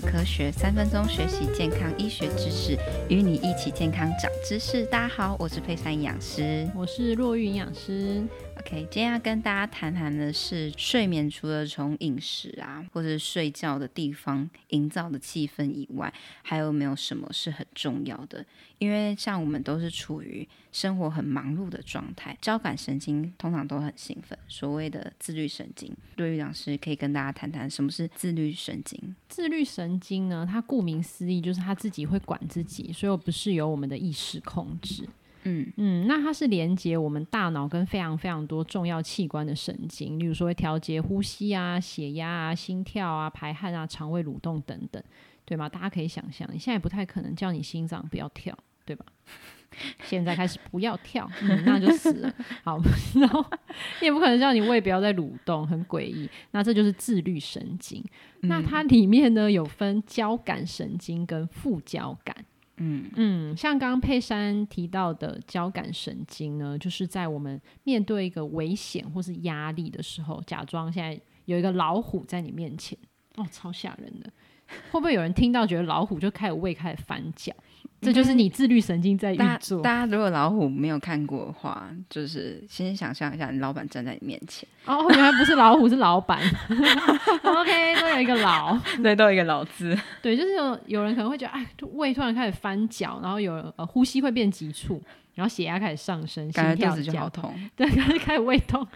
科學三分鐘學習健康醫學知識，與你一起健康長知識。大家好，我是佩珊營養師，我是若昱營養師。OK，今天要跟大家談談的是睡眠，除了從飲食啊，或者睡覺的地方營造的氣氛以外，還有沒有什麼是很重要的？因為像我們都是處於生活很忙碌的狀態，交感神經通常都很興奮。所謂的自律神經，若昱老師可以跟大家談談什麼是自律神經？自律神經呢，它顧名思義就是它自己會管自己，所以不是由我們的意識控制。嗯嗯，那它是連接我們大腦跟非常非常多重要器官的神經，例如說調節呼吸啊、血壓啊、心跳啊、排汗啊、腸胃蠕動等等，對嗎？大家可以想象，你現在不太可能叫你心臟不要跳，對吧？ 現在開始不要跳，嗯，那就死了。 好，然後你也不可能叫你胃不要再蠕動，很詭異。那這就是自律神經。嗯，那它裡面呢有分交感神經跟副交感。嗯嗯，像剛剛佩珊提到的交感神經呢，就是在我們面對一個危險或是壓力的時候，假裝現在有一個老虎在你面前。哦，超嚇人的。會不會有人聽到覺得老虎就開始胃開始翻攪？這就是你自律神經在運作 大家，大家如果老虎沒有看過的話，就是先想象一下，你老板站在你面前。哦，原來不是老虎， 是老板闆。 OK，都有一個老。 對，都有一個老字。對，就是有有人可能會覺得，哎，就胃突然開始翻攪，然後有、呃、呼吸會變急促。然後血壓開始上升，心跳就好痛，對，開始胃痛，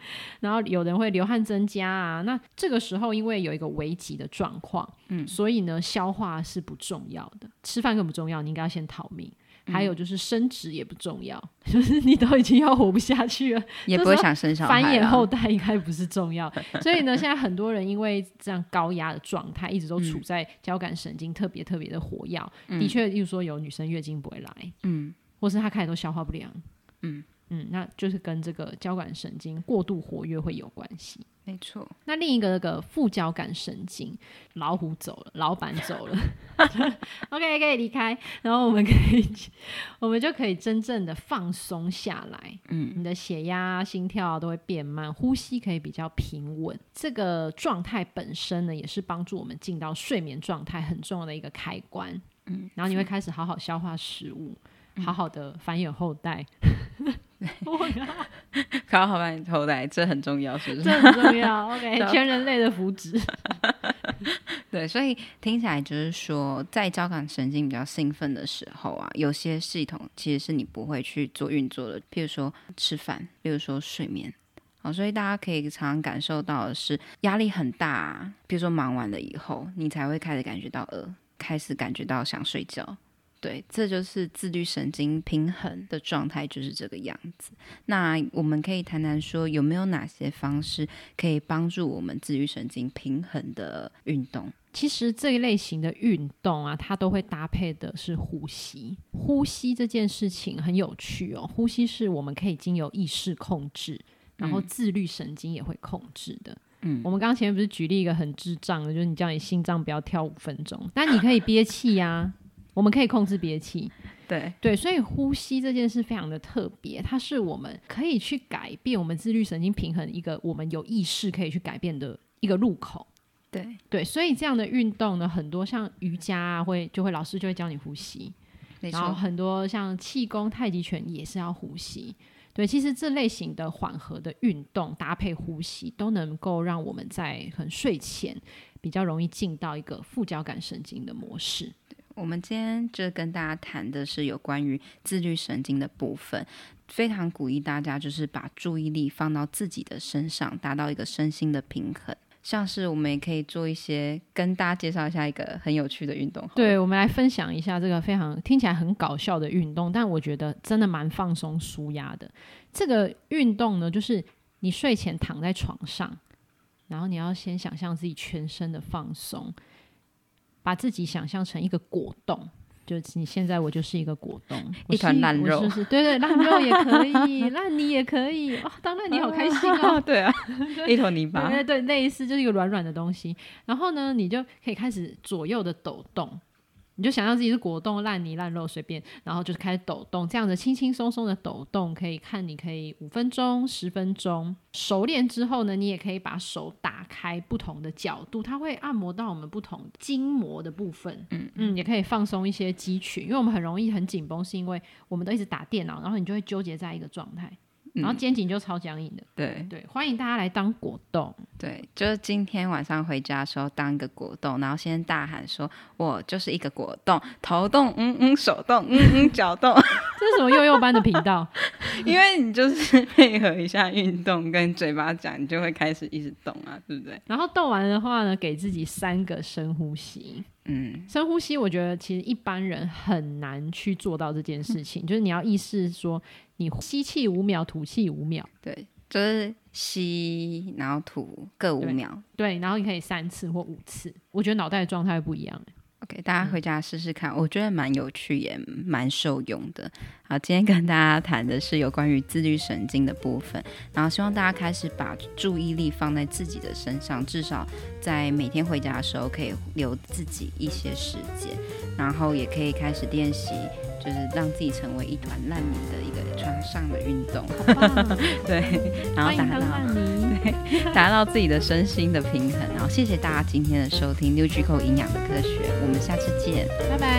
然後有人會流汗增加啊。那這個時候因為有一個危急的狀況，嗯，所以呢，消化是不重要的，吃飯更不重要，你應該要先逃命，嗯。還有就是生殖也不重要，就是你都已經要活不下去了，也不會想生繁衍，啊、 後代，應該不是重要。 所以呢，現在很多人因為這樣高壓的狀態，一直都處在交感神經特別特別的活躍，嗯，的確，例如說有女生月經不會來，嗯。或是他開始都消化不良，嗯嗯，那就是跟這個交感神經過度活躍會有關係，沒錯。那另一個那個副交感神經，老虎走了，老闆走了 ，OK 可以離開，然後我們可以， 我們就可以真正的放鬆下來，嗯，你的血壓、心跳啊，都會變慢，呼吸可以比較平穩。這個狀態本身呢，也是幫助我們進到睡眠狀態很重要的一個開關。嗯，然後你會開始好好消化食物，好好的繁衍後代。對、嗯， 我呀 考好好繁衍後代，這很重要，是不是？這很重要。 OK，全人類的福祉。 對，所以聽起來就是說，在交感神經比較興奮的時候啊，有些系統其實是你不會去做運作的，譬如說吃飯，譬如說睡眠。好，所以大家可以常常感受到的是，壓力很大、啊，譬如說忙完了以後，你才會開始感覺到餓。開始感覺到想睡覺，對，這就是自律神經平衡的狀態，就是這個樣子。那我們可以談談說，有沒有哪些方式可以幫助我們自律神經平衡的運動？其實這一類型的運動啊，它都會搭配的是呼吸。呼吸這件事情很有趣哦，呼吸是我們可以經由意識控制，然後自律神經也會控制的。嗯。嗯、我們剛前面不是舉例一個很智障的，就是你叫你心臟不要跳五分鐘，但你可以憋氣啊， 我們可以控制憋氣，對對，所以呼吸這件事非常的特別，它是我們可以去改變我們自律神經平衡的一個我們有意識可以去改變的一個入口，對對，所以這樣的運動呢，很多像瑜伽、啊、會就會老師就會教你呼吸，然後很多像氣功、太極拳也是要呼吸。對，其實這類型的緩和的運動搭配呼吸，都能夠讓我們在很睡前比較容易進到一個副交感神經的模式。我們今天就跟大家談的是有關於自律神經的部分，非常鼓勵大家就是把注意力放到自己的身上，達到一個身心的平衡。像是我們也可以做一些，跟大家介紹一下一個很有趣的運動。對，我們來分享一下這個非常聽起來很搞笑的運動，但我覺得真的蠻放鬆、舒壓的。這個運動呢，就是你睡前躺在床上，然後你要先想象自己全身的放鬆，把自己想象成一個果凍。就你現在，我就是一個果凍，一團爛肉，對對，對，爛肉也可以，爛 泥也可以。哇、哦，當然你好開心哦， 對啊，一坨泥巴 對，對對，類似就是一個軟軟的東西。然後呢，你就可以開始左右的抖動。你就想象自己是果凍、爛泥、爛肉，隨便，然後就是開始抖動，這樣子輕輕鬆鬆的抖動，可以看，你可以五分鐘、十分鐘，熟練之後呢，你也可以把手打開不同的角度，它會按摩到我們不同筋膜的部分，嗯嗯，嗯也可以放鬆一些肌群，因為我們很容易很緊繃，是因為我們都一直打電腦，然後你就會糾結在一個狀態。然後肩頸就超僵硬的。嗯、對對，對，歡迎大家來當果凍。對，就是今天晚上回家的時候當個果凍，然後先大喊說：“我就是一個果凍，頭動，嗯嗯，手動，嗯嗯，腳動。”這是什麼幼幼班的頻道？ 因為你就是配合一下運動跟嘴巴講，你就會開始一直動啊，對不對？然後動完的話呢，給自己三個深呼吸。嗯，深呼吸，我覺得其實一般人很難去做到這件事情。嗯、就是你要意識說，你吸氣五秒，吐氣五秒，對，就是吸然後吐各五秒，對，對，然後你可以三次或五次，我覺得腦袋的狀態會不一樣。給大家回家試試看，我覺得蠻有趣，也蠻受用的。好，今天跟大家談的是有關於自律神經的部分，然後希望大家開始把注意力放在自己的身上，至少在每天回家的時候可以留自己一些時間，然後也可以開始練習。就是讓自己成為一團爛泥的一個床上的運動， 對，然後達到對，達到自己的身心的平衡。然後謝謝大家今天的收聽《NutriCore 營養的科學》，我們下次見，拜拜。